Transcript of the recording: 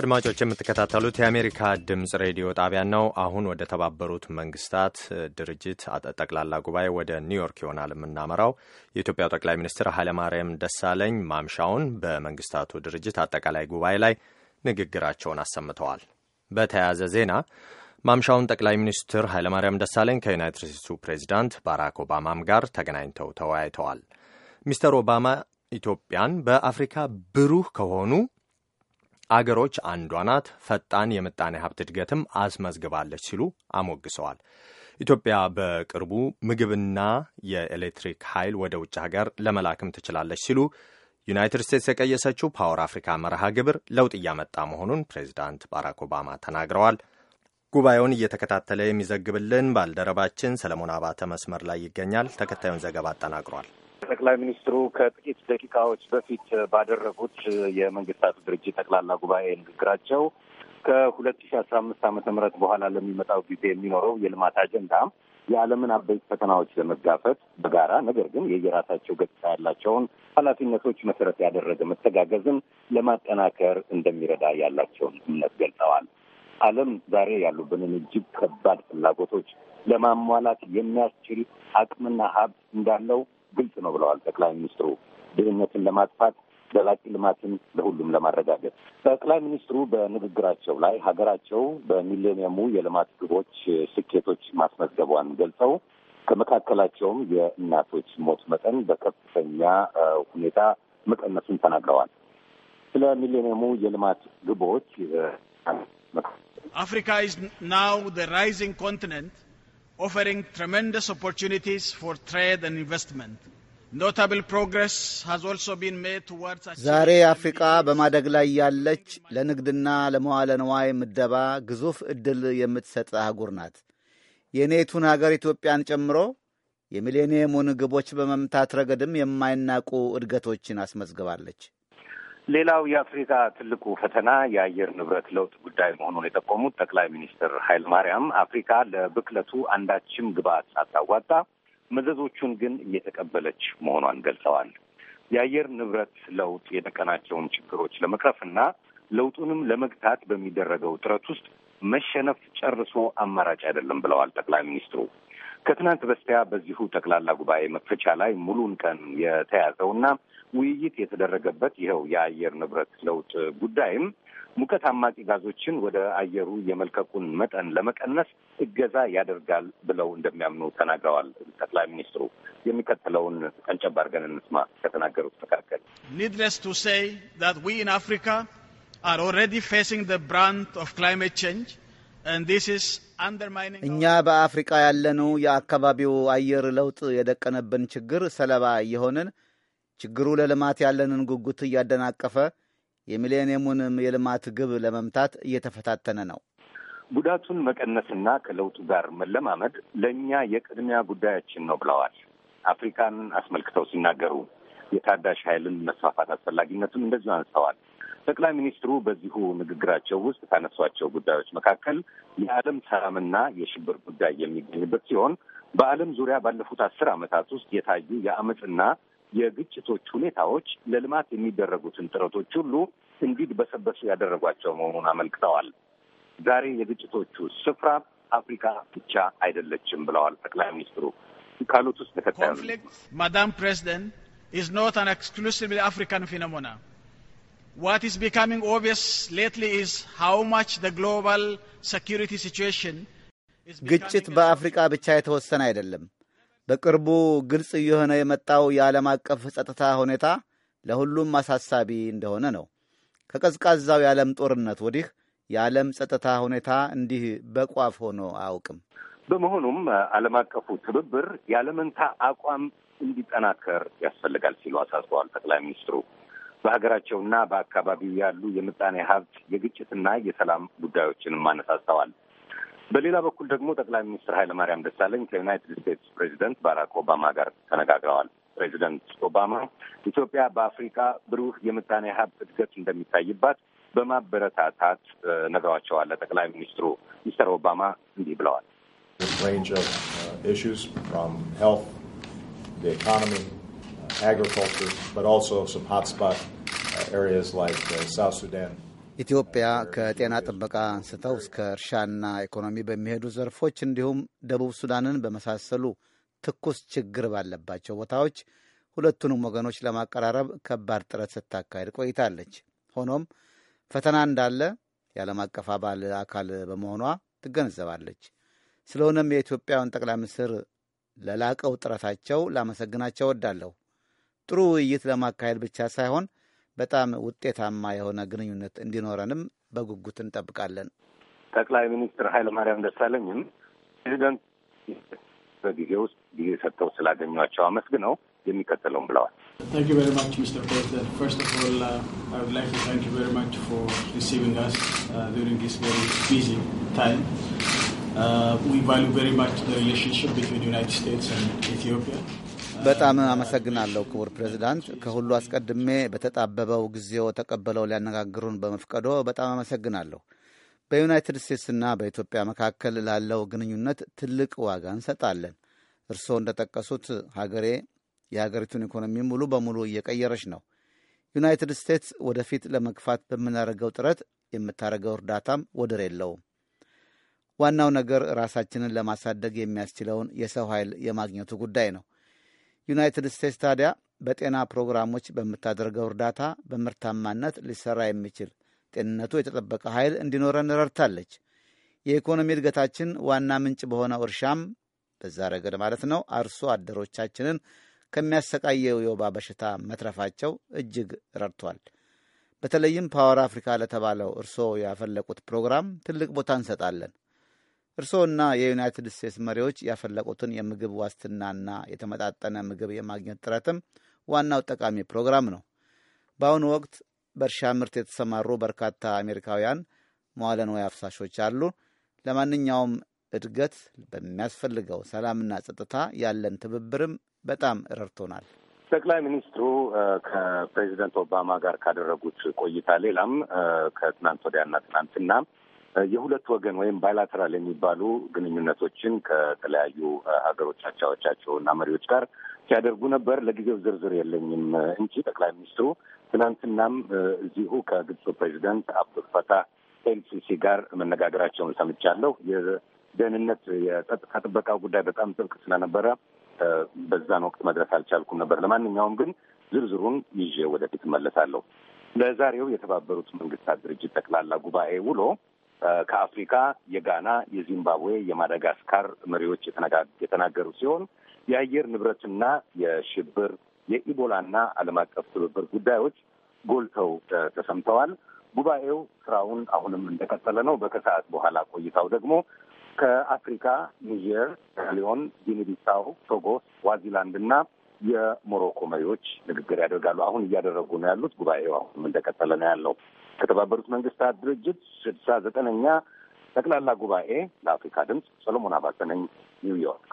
አድማጮች የምትከታተሉት የአሜሪካ ድምፅ ሬዲዮ ጣቢያን ነው። አሁን ወደ ተባበሩት መንግስታት ድርጅት ጠቅላላ ጉባኤ ወደ ኒውዮርክ ይሆናል የምናመራው። የኢትዮጵያው ጠቅላይ ሚኒስትር ኃይለማርያም ደሳለኝ ማምሻውን በመንግስታቱ ድርጅት አጠቃላይ ጉባኤ ላይ ንግግራቸውን አሰምተዋል። በተያያዘ ዜና ማምሻውን ጠቅላይ ሚኒስትር ኃይለማርያም ደሳለኝ ከዩናይትድ ስቴትሱ ፕሬዚዳንት ባራክ ኦባማም ጋር ተገናኝተው ተወያይተዋል። ሚስተር ኦባማ ኢትዮጵያን በአፍሪካ ብሩህ ከሆኑ አገሮች አንዷ ናት፣ ፈጣን የምጣኔ ሀብት እድገትም አስመዝግባለች ሲሉ አሞግሰዋል። ኢትዮጵያ በቅርቡ ምግብና የኤሌክትሪክ ኃይል ወደ ውጭ ሀገር ለመላክም ትችላለች ሲሉ ዩናይትድ ስቴትስ የቀየሰችው ፓወር አፍሪካ መርሃ ግብር ለውጥ እያመጣ መሆኑን ፕሬዚዳንት ባራክ ኦባማ ተናግረዋል። ጉባኤውን እየተከታተለ የሚዘግብልን ባልደረባችን ሰለሞን አባተ መስመር ላይ ይገኛል። ተከታዩን ዘገባ አጠናቅሯል። ጠቅላይ ሚኒስትሩ ከጥቂት ደቂቃዎች በፊት ባደረጉት የመንግስታቱ ድርጅት ጠቅላላ ጉባኤ ንግግራቸው ከሁለት ሺ አስራ አምስት ዓመተ ምህረት በኋላ ለሚመጣው ጊዜ የሚኖረው የልማት አጀንዳ የዓለምን አበይት ፈተናዎች ለመጋፈጥ በጋራ ነገር ግን የየራሳቸው ገጽታ ያላቸውን ኃላፊነቶች መሰረት ያደረገ መተጋገዝን ለማጠናከር እንደሚረዳ ያላቸውን እምነት ገልጸዋል። ዓለም ዛሬ ያሉብንን እጅግ ከባድ ፍላጎቶች ለማሟላት የሚያስችል አቅምና ሀብት እንዳለው ግልጽ ነው ብለዋል ጠቅላይ ሚኒስትሩ። ድህነትን ለማጥፋት ዘላቂ ልማትን ለሁሉም ለማረጋገጥ ጠቅላይ ሚኒስትሩ በንግግራቸው ላይ ሀገራቸው በሚሌኒየሙ የልማት ግቦች ስኬቶች ማስመዝገቧን ገልጸው ከመካከላቸውም የእናቶች ሞት መጠን በከፍተኛ ሁኔታ መቀነሱን ተናግረዋል። ስለ ሚሌኒየሙ የልማት ግቦች አፍሪካ ኢዝ ናው ዘ ራይዚንግ ኮንቲነንት offering tremendous opportunities for trade and investment. Notable progress has also been made towards ዛሬ አፍሪቃ በማደግ ላይ ያለች ለንግድና ለመዋለ ነዋይ ምደባ ግዙፍ ዕድል የምትሰጥ አህጉር ናት። የኔቱን ሀገር ኢትዮጵያን ጨምሮ የሚሌኒየሙን ግቦች በመምታት ረገድም የማይናቁ እድገቶችን አስመዝግባለች። ሌላው የአፍሪካ ትልቁ ፈተና የአየር ንብረት ለውጥ ጉዳይ መሆኑን የጠቆሙት ጠቅላይ ሚኒስትር ኃይለማርያም አፍሪካ ለብክለቱ አንዳችም ግብዓት ሳታዋጣ መዘዞቹን ግን እየተቀበለች መሆኗን ገልጸዋል። የአየር ንብረት ለውጥ የደቀናቸውን ችግሮች ለመቅረፍና ለውጡንም ለመግታት በሚደረገው ጥረት ውስጥ መሸነፍ ጨርሶ አማራጭ አይደለም ብለዋል ጠቅላይ ሚኒስትሩ። ከትናንት በስቲያ በዚሁ ጠቅላላ ጉባኤ መክፈቻ ላይ ሙሉን ቀን የተያዘውና ውይይት የተደረገበት ይኸው የአየር ንብረት ለውጥ ጉዳይም ሙቀት አማቂ ጋዞችን ወደ አየሩ የመልቀቁን መጠን ለመቀነስ እገዛ ያደርጋል ብለው እንደሚያምኑ ተናግረዋል። ጠቅላይ ሚኒስትሩ የሚከተለውን ቀንጨብ አድርገን እንስማ ከተናገሩት መካከል ኒድለስ ቱ ሴይ ዛት ዊ ኢን አፍሪካ are already facing the brunt of climate change and this is እኛ በአፍሪቃ ያለነው የአካባቢው አየር ለውጥ የደቀነብን ችግር ሰለባ እየሆንን ችግሩ ለልማት ያለንን ጉጉት እያደናቀፈ የሚሌኒየሙንም የልማት ግብ ለመምታት እየተፈታተነ ነው። ጉዳቱን መቀነስና ከለውጡ ጋር መለማመድ ለእኛ የቅድሚያ ጉዳያችን ነው ብለዋል። አፍሪካን አስመልክተው ሲናገሩ የታዳሽ ኃይልን መስፋፋት አስፈላጊነቱን እንደዚሁ አንስተዋል። ጠቅላይ ሚኒስትሩ በዚሁ ንግግራቸው ውስጥ ካነሷቸው ጉዳዮች መካከል የዓለም ሰላምና የሽብር ጉዳይ የሚገኝበት ሲሆን በዓለም ዙሪያ ባለፉት አስር ዓመታት ውስጥ የታዩ የአመፅና የግጭቶች ሁኔታዎች ለልማት የሚደረጉትን ጥረቶች ሁሉ እንዲድበሰበሱ ያደረጓቸው መሆኑን አመልክተዋል። ዛሬ የግጭቶቹ ስፍራ አፍሪካ ብቻ አይደለችም ብለዋል ጠቅላይ ሚኒስትሩ ካሉት ውስጥ ተከታዩ ማዳም ፕሬዚደንት ኢዝ ኖት አን ኤክስክሉሲቭሊ አፍሪካን ፊኖሞና What is becoming obvious lately is how much the global security situation ግጭት በአፍሪካ ብቻ የተወሰነ አይደለም። በቅርቡ ግልጽ እየሆነ የመጣው የዓለም አቀፍ ጸጥታ ሁኔታ ለሁሉም አሳሳቢ እንደሆነ ነው። ከቀዝቃዛው የዓለም ጦርነት ወዲህ የዓለም ጸጥታ ሁኔታ እንዲህ በቋፍ ሆኖ አያውቅም። በመሆኑም ዓለም አቀፉ ትብብር ያለመንታ አቋም እንዲጠናከር ያስፈልጋል ሲሉ አሳስበዋል ጠቅላይ ሚኒስትሩ። በሀገራቸውና በአካባቢው ያሉ የምጣኔ ሀብት የግጭትና የሰላም ጉዳዮችንም አነሳስተዋል። በሌላ በኩል ደግሞ ጠቅላይ ሚኒስትር ኃይለማርያም ደሳለኝ ከዩናይትድ ስቴትስ ፕሬዚደንት ባራክ ኦባማ ጋር ተነጋግረዋል። ፕሬዚደንት ኦባማ ኢትዮጵያ በአፍሪካ ብሩህ የምጣኔ ሀብት እድገት እንደሚታይባት በማበረታታት ነግረዋቸዋል። ጠቅላይ ሚኒስትሩ ሚስተር ኦባማ እንዲህ ብለዋል። agriculture, but also some hotspot uh, areas like uh, South Sudan. ኢትዮጵያ ከጤና ጥበቃ አንስተው እስከ እርሻና ኢኮኖሚ በሚሄዱ ዘርፎች እንዲሁም ደቡብ ሱዳንን በመሳሰሉ ትኩስ ችግር ባለባቸው ቦታዎች ሁለቱንም ወገኖች ለማቀራረብ ከባድ ጥረት ስታካሄድ ቆይታለች። ሆኖም ፈተና እንዳለ የዓለም አቀፍ አባል አካል በመሆኗ ትገነዘባለች። ስለሆነም የኢትዮጵያን ጠቅላይ ሚኒስትር ለላቀው ጥረታቸው ላመሰግናቸው እወዳለሁ። ጥሩ ውይይት ለማካሄድ ብቻ ሳይሆን በጣም ውጤታማ የሆነ ግንኙነት እንዲኖረንም በጉጉት እንጠብቃለን። ጠቅላይ ሚኒስትር ኃይለማርያም ደሳለኝም ፕሬዚደንት በጊዜ ውስጥ ጊዜ ሰጥተው ስላገኟቸው አመስግነው የሚከተለውን ብለዋል። በጣም አመሰግናለሁ ክቡር ፕሬዚዳንት። ከሁሉ አስቀድሜ በተጣበበው ጊዜው ተቀበለው ሊያነጋግሩን በመፍቀዶ በጣም አመሰግናለሁ። በዩናይትድ ስቴትስና በኢትዮጵያ መካከል ላለው ግንኙነት ትልቅ ዋጋ እንሰጣለን። እርስዎ እንደጠቀሱት ሀገሬ የሀገሪቱን ኢኮኖሚ ሙሉ በሙሉ እየቀየረች ነው። ዩናይትድ ስቴትስ ወደፊት ለመግፋት በምናደርገው ጥረት የምታደርገው እርዳታም ወደር የለውም። ዋናው ነገር ራሳችንን ለማሳደግ የሚያስችለውን የሰው ኃይል የማግኘቱ ጉዳይ ነው። ዩናይትድ ስቴትስ ታዲያ በጤና ፕሮግራሞች በምታደርገው እርዳታ በምርታማነት ሊሰራ የሚችል ጤንነቱ የተጠበቀ ኃይል እንዲኖረን ረድታለች። የኢኮኖሚ እድገታችን ዋና ምንጭ በሆነው እርሻም በዛ ረገድ ማለት ነው አርሶ አደሮቻችንን ከሚያሰቃየው የወባ በሽታ መትረፋቸው እጅግ ረድቷል። በተለይም ፓወር አፍሪካ ለተባለው እርስዎ ያፈለቁት ፕሮግራም ትልቅ ቦታ እንሰጣለን። እርስዎና የዩናይትድ ስቴትስ መሪዎች ያፈለቁትን የምግብ ዋስትናና የተመጣጠነ ምግብ የማግኘት ጥረትም ዋናው ጠቃሚ ፕሮግራም ነው። በአሁኑ ወቅት በእርሻ ምርት የተሰማሩ በርካታ አሜሪካውያን መዋለ ንዋይ አፍሳሾች አሉ። ለማንኛውም እድገት በሚያስፈልገው ሰላምና ጸጥታ ያለን ትብብርም በጣም ረድቶናል። ጠቅላይ ሚኒስትሩ ከፕሬዚደንት ኦባማ ጋር ካደረጉት ቆይታ ሌላም ከትናንት ወዲያና ትናንትና የሁለት ወገን ወይም ባይላተራል የሚባሉ ግንኙነቶችን ከተለያዩ ሀገሮች አቻዎቻቸው እና መሪዎች ጋር ሲያደርጉ ነበር። ለጊዜው ዝርዝር የለኝም እንጂ ጠቅላይ ሚኒስትሩ ትናንትናም እዚሁ ከግብፁ ፕሬዚደንት አብዱልፈታህ ኤልሲሲ ጋር መነጋገራቸውን ሰምቻለሁ። የደህንነት የጸጥታ ጥበቃው ጉዳይ በጣም ጥብቅ ስለነበረ በዛን ወቅት መድረስ አልቻልኩም ነበር። ለማንኛውም ግን ዝርዝሩን ይዤ ወደፊት እመለሳለሁ። ለዛሬው የተባበሩት መንግስታት ድርጅት ጠቅላላ ጉባኤ ውሎ ከአፍሪካ የጋና፣ የዚምባብዌ፣ የማዳጋስካር መሪዎች የተናገሩ ሲሆን የአየር ንብረትና የሽብር የኢቦላና ዓለም አቀፍ ትብብር ጉዳዮች ጎልተው ተሰምተዋል። ጉባኤው ስራውን አሁንም እንደቀጠለ ነው። በከሰዓት በኋላ ቆይታው ደግሞ ከአፍሪካ ኒጀር፣ ሊዮን ጊኒቢሳው፣ ቶጎ፣ ስዋዚላንድ እና የሞሮኮ መሪዎች ንግግር ያደርጋሉ። አሁን እያደረጉ ነው ያሉት። ጉባኤው አሁንም እንደቀጠለ ነው ያለው። ከተባበሩት መንግስታት ድርጅት ስድሳ ዘጠነኛ ጠቅላላ ጉባኤ ለአፍሪካ ድምፅ ሰሎሞን አባተ ነኝ ኒውዮርክ።